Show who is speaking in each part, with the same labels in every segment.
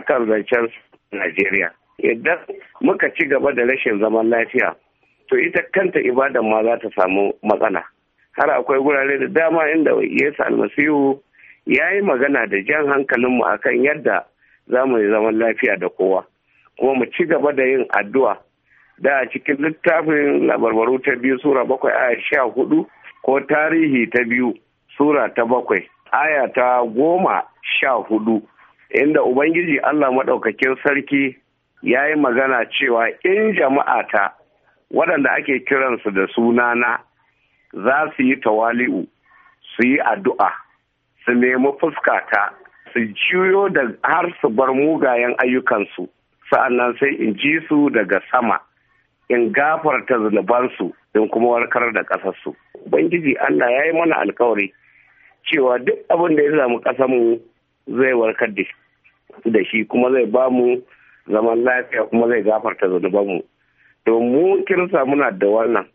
Speaker 1: akan zancen Najeriya. Idan muka ci gaba da rashin zaman lafiya, to ita kanta ibadan ma za ta samu matsala. Har akwai wurare da dama inda Yesu almasihu ya yi magana da jan hankalinmu kan yadda za mu yi zaman lafiya da kowa. Kuma mu ci gaba da yin addu'a da a cikin littafin labarbaru ta biyu sura bakwai aya sha hudu ko tarihi ta biyu sura ta bakwai aya ta goma sha hudu inda Ubangiji Allah maɗaukakin sarki ya yi magana cewa in jama'ata waɗanda ake kiransu da sunana za su yi tawali'u su yi addu'a su nemi fuskata su juyo da har su bar mugayen ayyukansu sa'annan sai in ji su daga sama in gafarta zunubansu in kuma warkar da ƙasarsu. Ubangiji Allah ya yi mana alkawari cewa duk abin da ya samu ƙasarmu zai warkar da shi. da shi kuma zai ba mu zaman lafiya kuma zai gafarta zunubanmu to mu kirsa muna da wannan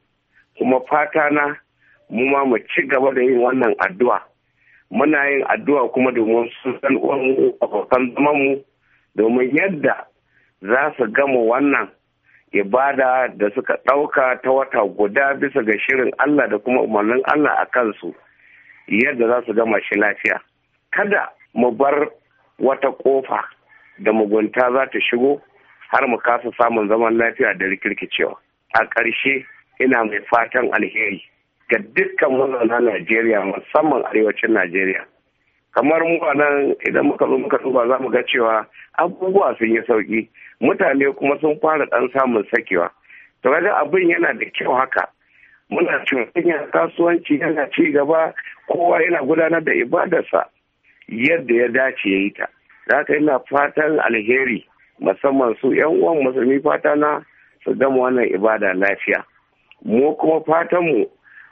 Speaker 1: kuma fata na mu ma mu ci gaba da yin wannan addu'a muna yin addu'a kuma domin sun san uwanmu abokan mu domin yadda za su gama wannan ibada da suka ɗauka ta wata guda bisa ga shirin Allah da kuma umarnin Allah a kansu yadda za su gama shi lafiya. Kada mu bar wata ƙofa da mugunta za ta shigo har mu kasa samun zaman lafiya da rikirkicewa a ƙarshe ina mai fatan alheri ga dukkan mazauna najeriya musamman arewacin najeriya kamar mu nan idan muka zo muka duba za mu ga cewa abubuwa sun yi sauki mutane kuma sun fara ɗan samun sakewa to kaga abin yana da kyau haka muna cin kasuwanci yana ci gaba kowa yana gudanar da ibadarsa yadda ya dace ya yi ta za ka yi na fatan alheri musamman su yan uwan musulmi fata na su gama wannan ibada lafiya mu kuma fatanmu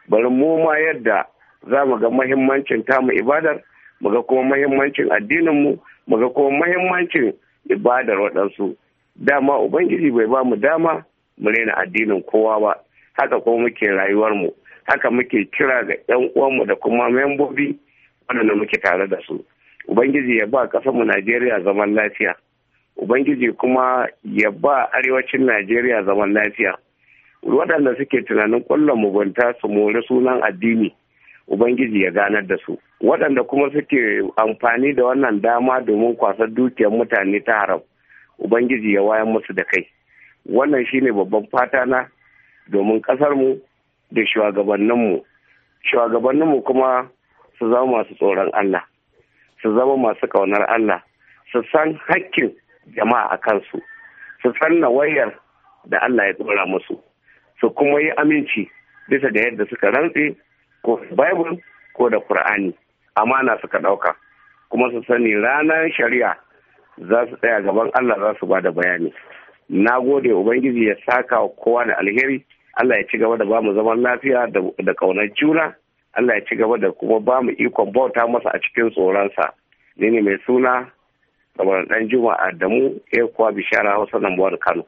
Speaker 1: bari mu ma yadda za mu ga mahimmancin tamu ibadar mu ga kuma mahimmancin addininmu mu ga kuma mahimmancin ibadar waɗansu dama ubangiji bai ba mu dama mu rena addinin kowa ba haka kuma muke rayuwarmu haka muke kira ga 'yan uwanmu da kuma membobi waɗanda muke tare da su ubangiji ya ba mu najeriya zaman lafiya ubangiji kuma ya ba arewacin najeriya zaman lafiya waɗanda suke tunanin ƙwallon mugunta su mori sunan addini ubangiji ya ganar da su waɗanda kuma suke amfani da wannan dama domin kwasar dukiyar mutane ta haram ubangiji ya wayan musu da kai wannan shine babban fata na domin ƙasarmu da shugabanninmu shugabanninmu kuma su zama masu tsoron Allah su zama masu ƙaunar Allah su san hakkin jama'a a kansu su san nawayar da Allah ya tsora musu su kuma yi aminci bisa da yadda suka rantse ko Bible ko da Kur'ani amana suka ɗauka kuma su sani ranar shari'a za su tsaya gaban Allah za su ba da bayani na gode ubangiji ya saka kowa da alheri Allah ya ci gaba da ba mu zaman lafiya da ƙaunar juna Allah ya ci gaba da kuma ba mu ikon bauta masa a cikin tsoronsa ni ne mai suna kamar ɗan juma'a da mu eh, kuwa bishara hausa nan buwar kano